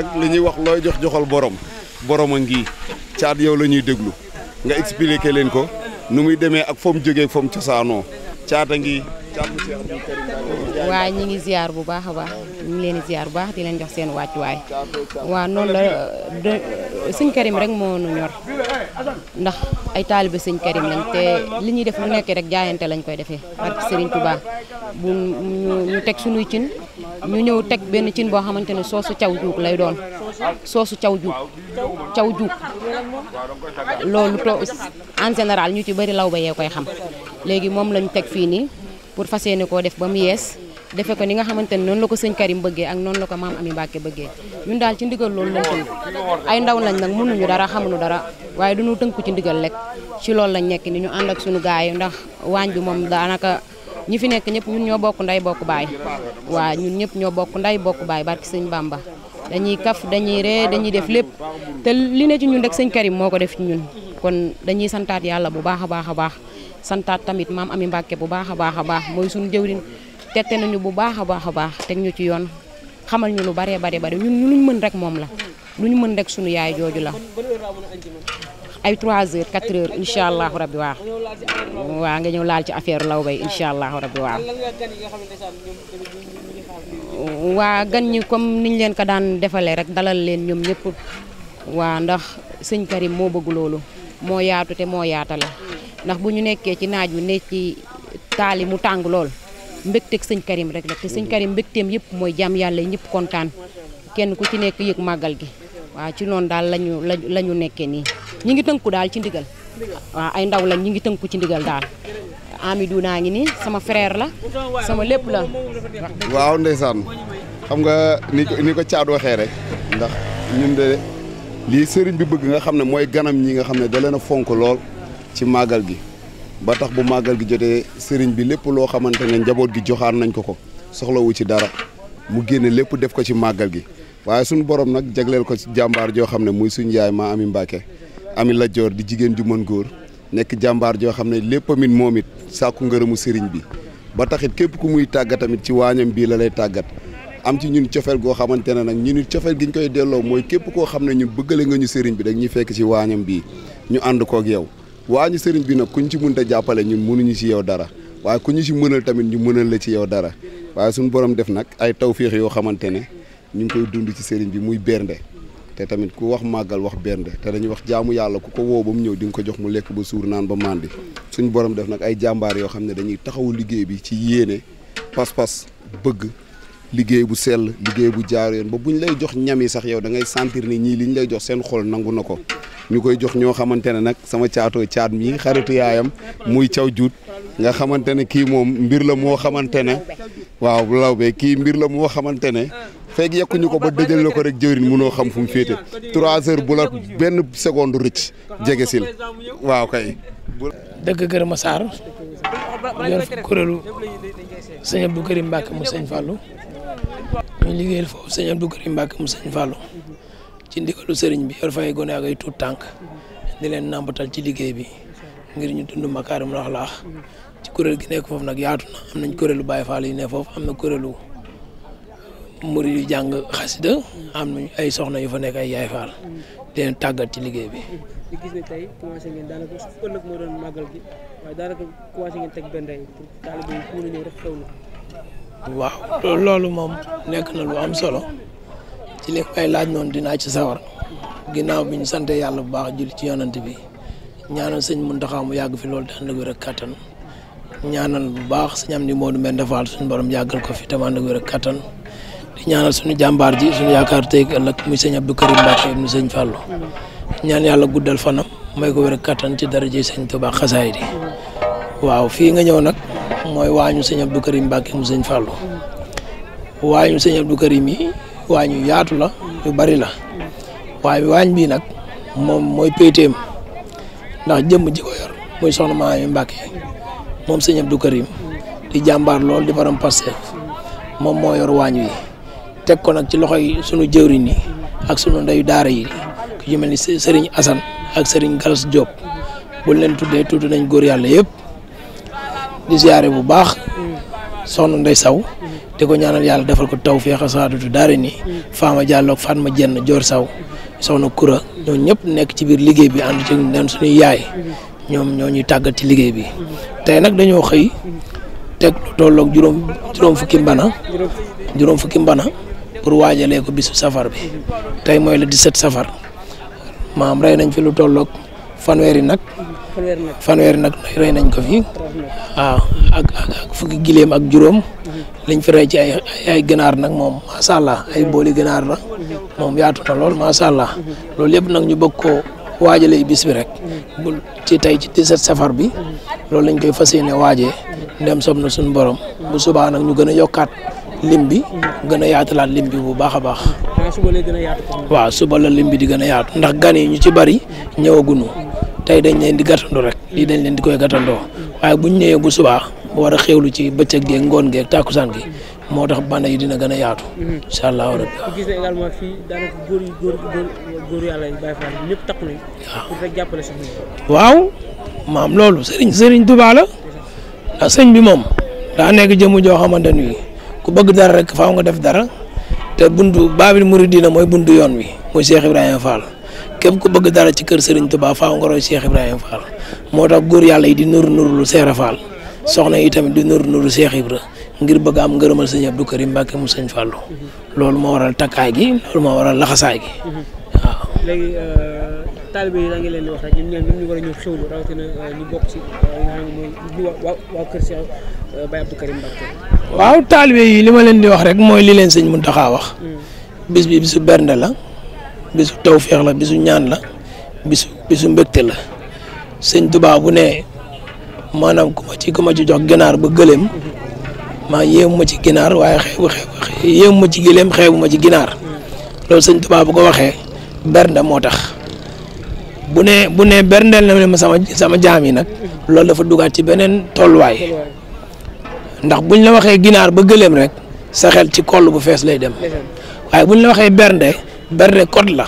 nag li ñuy wax looy jox joxal borom borom a ngi caat yow la ñuy déglu nga expliqué leen ko nu muy demee ak fa mu jógee fa mu cosaanoo caata ngi caat ngi ziar bu baax a baax ñu ngi leen di ziar bu baax di leen jox seen wàccuwaay waaw noonu la sëñ Karim rek moo nu ñor ndax ay taalibe sëñ Karim lañ te li ñuy def lu nekk rek jaayante lañ koy defee ak Serigne Touba bu ñu teg suñuy cin ñu ñëw teg benn cin boo xamante ne soosu caw juug lay doon soosu caw juug caw juug loolu to en général ñu ci bari law ba yee koy xam léegi moom lañ teg fii nii pour fas yéene koo def ba mu yees defe ko ni nga xamante ne noonu la ko sëñ Karim bëggee ak noonu la ko maam Ami Mbàkke bëggee ñun daal ci ndigal loolu lañ tënk ay ndaw lañ nag mënuñu dara xamuñu dara waaye duñu tënku ci ndigal lekk ci loolu lañ nekk ni ñu ànd ak suñu gaay yi ndax waañ bi moom daanaka ñi fi nekk ñëpp ñun ñoo bokk nday bokk baay waa ñun ñëpp ñoo bokk nday bokk baay barki sëñ Bamba dañuy kaf dañuy ree dañuy def lépp te li ne ci ñun rek sëñ Karim moo ko def ci ñun kon dañuy santaat yàlla bu baax a baax a baax santaat tamit maam Ami Mbàkke bu baax a baax a baax mooy suñu jëwriñ tette nañu bu baax a baax a baax teg ñu ci yoon xamal ñu lu baree bare bare ñun ñu mën rek moom la lu ñu mën rek suñu yaay jooju la ay 3 heures 4 heures incha allahu rabi waaw waaw nga ñëw laal ci affaire law bay incha allahu rabi waaw. waa gan ñi comme niñ leen ko daan defalee rek dalal leen ñoom ñëpp waa ndax sëñ Karim moo bëgg loolu moo yaatu te moo yaatale ndax bu ñu nekkee ci naaj wi nekk ci taali mu tàng lool mbégteeg sëñ Karim rek la te sëñ Karim mbégteem yëpp mooy jàmm yàlla ñëpp kontaan kenn ku ci nekk yëg màggal gi waa ci noonu daal lañu lañu nekkee nii ñi ngi tënku daal ci ndigal waaw ay ndaw lañ ñi ngi tënku ci ndigal daal Amidou naa ngi nii sama frère la sama lépp la waaw ndeysaan xam nga ni ko caat waxee rek ndax ñun de lii sëriñ bi bëgg nga xam ne mooy ganam ñii nga xam ne da na fonk lool ci màggal gi ba tax bu màggal gi jotee sëriñ bi lépp loo xamante ne njaboot gi joxaan nañ ko ko soxlawu ci dara mu génne lépp def ko ci màggal gi waaye suñu borom nag jagleel ko ci jàmbaar joo xam ne muy suñ yaay ma ami Mbàkke ami la Joor di jigéen ju mën góor nekk jàmbaar joo xam ne lépp amit moom it sàkku ngërëmu sëriñ bi ba taxit képp ku muy tàggat tamit ci waañam bii la lay tàggat am ci ñun cofeel goo xamante ne nag ñu ni cofeel gi ñu koy delloo mooy képp koo xam ne ñun bëggale nga ñu sëriñ bi dag ñu fekk ci waañam bii ñu ànd koog yow waañu sëriñ bi nag kuñ ci mënta jàppale ñun mënuñu ci yow dara waaye ku ñu ci mënal tamit ñu mënal la ci yow dara waaye suñu borom def nag ay tawféex yoo xamante ne ñu ngi koy dund ci sëriñ bi muy bernde te tamit ku wax màggal wax bernde te dañuy wax jaamu yàlla ku ko woo ba mu ñëw di nga ko jox mu lekk ba suur naan ba màndi suñu borom def nag ay jàmbaar yoo xam ne dañuy taxawu liggéey bi ci yéene pas-pas bëgg liggéey bu sell liggéey bu jaar yoon ba bu ñu lay jox ñam yi sax yow da ngay sentir ni ñii li ñu lay jox seen xol nangu na ko ñu koy jox ñoo xamante ne nag sama caato caat mii xaritu yaayam muy caw jut nga xamante ne kii moom mbir la moo xamante ne waaw kii mbir la moo xamante ne feeg yekkuñu ko ba dëjal la ko rek jëwrin munoo xam fu mu féete trois heures bu benn seconde rëcc jege sil waaw kay. dëkk Kër Massar yor fa kuréelu sëñ Abdou Karim Mbacke mu sëñ Fallou ñu liggéeyal foofu ci ndigalu sëriñ bi yor fay gone ak ay tuut tànk di leen nàmbatal ci liggéey bi ngir ñu dund makaarim mu laax ci kuréel gi nekk foofu nag yaatu na am nañ kuréelu Baye Fall yi ne foofu am na kuréelu. murid yu jàng xasida am na ay soxna yu fa nekk ay yaay faal leen tàggat ci liggéey bi. gis ne tey commencé ngeen daanaka su ëllëg moo teg benn rey pour waaw loolu moom nekk na lu am solo ci li may laaj noonu dinaa ci sawar ginnaaw bi ñu sant yàlla bu baax jul ci yonant bi ñaanal mun Muntaxa mu yàgg fi loolu te ànd ak wér ak kattan ñaanal bu baax sëñ am ni Modou Mbène Fall suñ borom yàggal ko fi te ànd ak wér kattan. di ñaanal suñu jàmbaar ji suñu yaakaar tey ëllëg muy sëñ Abdou Karim Mbacke mu señ Fallou ñaan yàlla guddal fanam may ko wér kattan ci dara ji sëñ Touba xasaay di waaw fii nga ñëw nag mooy waañu sëñ Abdou Karim Mbacke mu sëñ Fallou waañu sëñ Abdou Karim yi waañu yaatu la yu bari la waaye waañ bii nag moom mooy péeteem ndax jëmm ji ko yor muy soxna Maami Mbacke moom sëñ du Karim di jàmbaar lool di baram pasteef moom moo yor waañ wi teg ko nag ci loxo yi suñu jëwriñ yi ak sunu ndeyu daara yi ku ci mel ni sëriñ Assane ak sëriñ Galas Diop buñ leen tuddee tudd nañ góor yàlla yëpp di bu baax soxna Ndey Saw di ko ñaanal yàlla defal ko taw feexa saadatu daara ni Fama Diallo ak Fatma Jenn Joor Saw soxna Kura ñoom ñëpp nekk ci biir liggéey bi ànd ci leen suñuy yaay ñoom ñoo ñuy tàggat ci liggéey bi tey nag dañoo xëy teg lu juróom juróom fukki mbana juróom fukki mbana pour waajalee ko bisu safar bi tey mooy la 17 safar maam rey nañ fi lu tolloog fanweeri nag fanweeri nag rey nañ ko fi waaw ak ak fukki gileem ak juróom lañ fi rey ci ay ay ganaar nag moom macha allah ay booli ganaar la moom yaatu na lool macha allah loolu yëpp nag ñu bëgg koo waajalee bis bi rek bu ci tey ci 17 safar bi loolu lañ koy fas yéene waajee ndem sob na suñu borom bu subaa nag ñu gën a yokkaat. lim bi gën a yaatalaat lim bi bu baax a baax. waaw suba la lim bi di gën a yaatu. ndax gan yi ñu ci bari ñëwaguñu tey dañ leen di gattandoo rek lii dañ leen di koy gàttandoo waaye bu ñëwee bu subaa war a xewlu ci bëccëg geeg ngoon geeg tàkkusaan gi moo tax bànn yi dina gën yaatu. Mhm. incha allahu rabbi waaw gis na góor yi góor góor jàppale si waaw maam loolu la. sëñ bi moom daa nekk jëm joo xamante ni bëgg dara rek faaw nga def dara te buntu baabil na mooy buntu yoon wi mooy Cheikh Ibrahima Fall kenn ku bëgg dara ci kër Serigne Touba faaw nga roy Cheikh Ibrahima Fall moo tax góor yàlla yi di nuru nuru lu Cheikh Fall soxna yi tamit di nuru nuru Cheikh Ibra ngir bëgg am ngërëmal sëñ kër Karim Mbacke mu sëñ Fallu loolu moo waral takkaay gi loolu moo waral laxasaay gi waaw. léegi euh, taalibe yi ngi leen di wax rek ñun ñoom ñu war a ñëw xewlu rawatina euh, ñu bokk ci euh, li waa kër Cheikh waaw taalibe yi li ma leen di wax rek mooy li leen sëñ Muntaxa wax. bis bi bisu bernde la bisu tawféex la bisu ñaan la bisu bisu mbégte la sëñ Tuubaa bu ne maanaam ci ku ma ci jox ginaar ba gëléem ma ci ginaar waaye ci gëléem xeebu ma ci ginaar loolu sëñ Tuubaa bu ko waxee bernde moo tax bu ne bu ne berndeel na ma sama jaam yi nag loolu dafa dugaat ci beneen tolluwaay. ndax bu ñu la waxee ginaar ba gëléem rek sa xel ci kol bu fees lay dem waaye buñ la waxee bernde bernde code la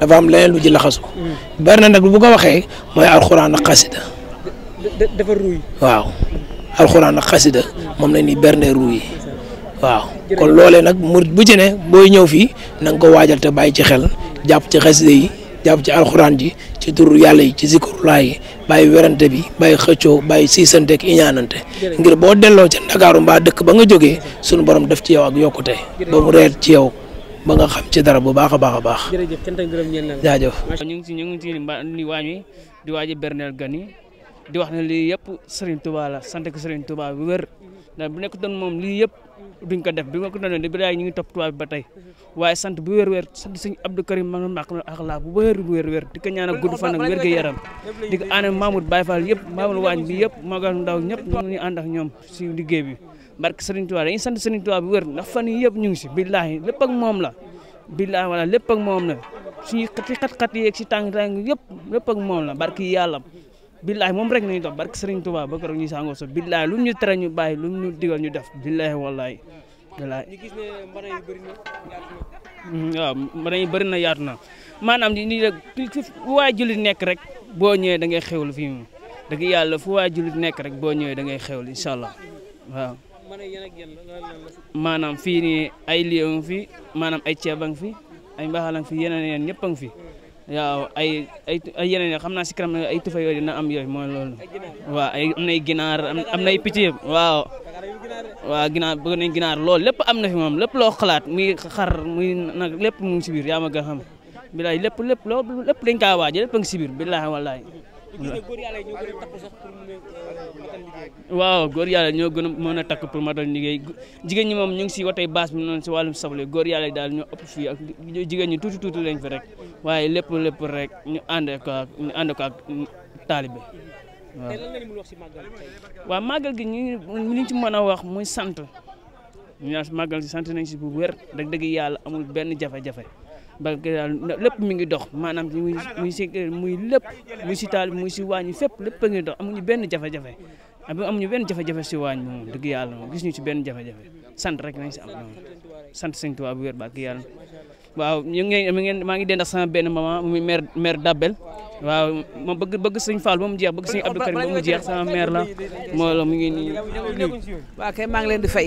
dafa am leneen lu ci laxasu mm. bernde nag bu ko waxee mooy alxuraan ak xasida dafa ruuy waaw alxuraan ak xasida moom la ni bernde yi waaw kon loolee nag murit bu ci ne booy ñëw fii na ko waajal te bàyyi ci xel jàpp ci xasida yi jàpp ci alxuraan ji ci turu yàlla yi ci zikurulaay yi bàyyi werante bi bàyyi xëccoo bàyyi siisante ak iñaanante ngir boo delloo ca ndakaaru mbaa dëkk ba nga jógee sunu borom def ci yow ak yokkute ba mu reet ci yow ba nga xam ci dara bu baax a baax a baax. jërëjëf cant ak ngërëm ñeel na la jaajëf. ñu ngi si ñu ngi si ni waañ wi di waaj a berneel gan yi di wax ne lii yëpp Serigne Touba la sant ko Serigne Touba wér ndax bu nekk doon moom lii yëpp duñ ko def bi ma ko doon bi daay ñu ngi ba tey waaye sant bu wér-wér sant suñu Abdou Karim ma màq na ak laa bu wér bu wér-wér di ko ñaanal gudd fan ak wérgu yaram di ko ànd ak Mamoud Baye Fall yëpp waañ bi yëpp Magal Ndaw ñëpp ñu si liggéey bi barke Serigne Touba sant Serigne Touba bu fan yi yëpp ñu ngi si billaahi lépp ak moom la billaahi wala lépp ak moom la suñu xati xat-xat si tàng-tàng yëpp lépp ak moom la barke yàlla billaay moom rek nañu dox barke Serigne Touba ba keroog ñuy sàngoo so billaay lu ñu tere ñu bàyyi lu ñu digal ñu def billaay wallaay billaay. ñu gis ne mbana yi bëri na yaatu na. Mm-hmm, waaw mbana yi bëri na yaatu na maanaam ñu ne fu waay jullit nekk rek boo ñëwee da ngay xewlu fii mu dëgg yàlla fu waay jullit nekk rek boo ñëwee da ngay xewlu incha allah waaw. maanaam fii nii ay lion fi maanaam ay ceeb a ngi fi ay mbaxal a ngi fi yeneen yeneen ñëpp a ngi fi. waaw ay ay ay yeneen yoo xam naa si kanam ay tufa yooyu dina am yooyu mooy loolu waaw ay am nay ginaar am nay picc yëpp waaw waaw ginaar bëgg nañ ginaar loolu lépp am na fi moom lépp loo xalaat muy xar muy nag lépp mu ngi si biir yaa ma gën xam bilaay lépp lépp loo lépp dañ kaa waaj lépp a ngi si biir bilaay wallaay waaw góor yàlla ñoo gën a mën a takk pour matal liggéey jigéen ñi moom ñu ngi si watey base bi noonu si wàllum soble góor yàlla yi daal ñoo ëpp fii ak jigéen ñi tuuti tuuti lañ fi rek waaye lépp lépp rek ñu ànd ko ñu ànd ko ak taalibe waaw màggal gi ñu liñ ci mën a wax muy sant ñu naan màggal gi sant nañ si bu wér dëgg dëgg yàlla amul benn jafe-jafe ba daal lépp mi ngi dox maanaam muy muy si muy lépp muy si taal muy si waañ yi fépp lépp a ngi dox amuñu benn jafe-jafe amuñu benn jafe si waañ moom dëgg yàlla moom gis ñu si benn jafe sant rek nañ si sant sëñ Tuubaa bu wér ba ak yàlla waaw ñu ngi ngeen maa ngi dend ak sama benn maman muy mère mère Dabel waaw ma bëgg bëgg sëñ Fall ba mu jeex bëgg sëñ Abdou Karim ba mu jeex sama mère la moo la mu ngi nii. waaw kay maa ngi leen di fay.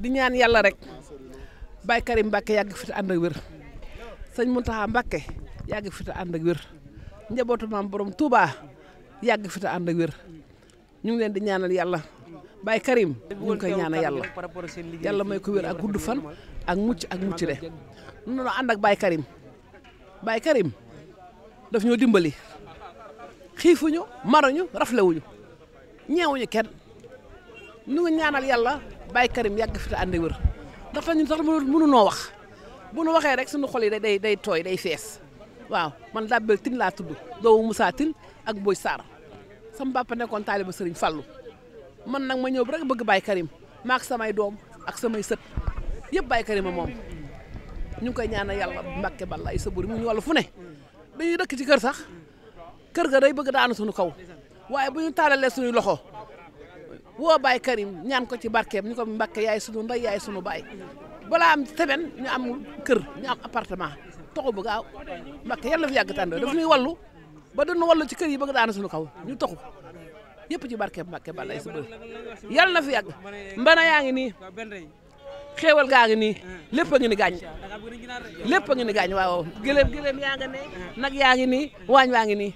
di ñaan yàlla rek Baye Karim Mbacke yàgg fi ànd ak wér. sëñ Mountakha Mbacké yàgg fi te ànd ak wér njabootu maam borom Touba yàgg fi te ànd ak wér ñu ngi leen di ñaanal yàlla Baye Karim ñu ngi koy ñaanal yàlla yàlla may ko wér ak gudd fan ak mucc ak mucc de noonu ànd ak Baye Karim Baye Karim daf ñoo dimbali xiifuñu maruñu raflewuñu ñeewuñu kenn ñu ngi ñaanal yàlla Baye Karim yàgg fi te ànd ak wér ndax ñun sax mënu mënu noo wax. bu nu waxee rek suñu xol yi day day tooy day fees waaw man Dabbel Tine laa tudd doomu Moussa Tine ak Boy Sarr sama papa nekkoon taaliba Serigne fallu man nag ma ñëw rek bëgg Baye Karim maak samay doom ak samay sët yëpp Baye Karim a moom ñu ngi koy ñaanal yàlla Mbàkke balla ay saburi mu ñu wàllu fu ne dëkk ci kër sax kër ga day bëgg daanu suñu kaw waaye bu ñu taalalee suñuy loxo woo Baye Karim ñaan ko ci barkeem ñu ko Mbàkke yaay sunu ndey yaay sunu baay balaa am semaine ñu kër ñu am appartement toxu ba gaaw mbàkk yàlla fi yàgg tànn daf ñuy ba dañu wallu ci kër yi bëgg daana suñu kaw ñu toxu yëpp ci barke mbàkke ba lay subal yàlla na fi yàgg mbana yaa ngi ni xéewal gaa ngi ni lépp a ngi ni gaañ lépp a ngi ni gaañ waaw gëléem gëléem yaa nga ne nag yaa ngi ni waañ waa ngi ni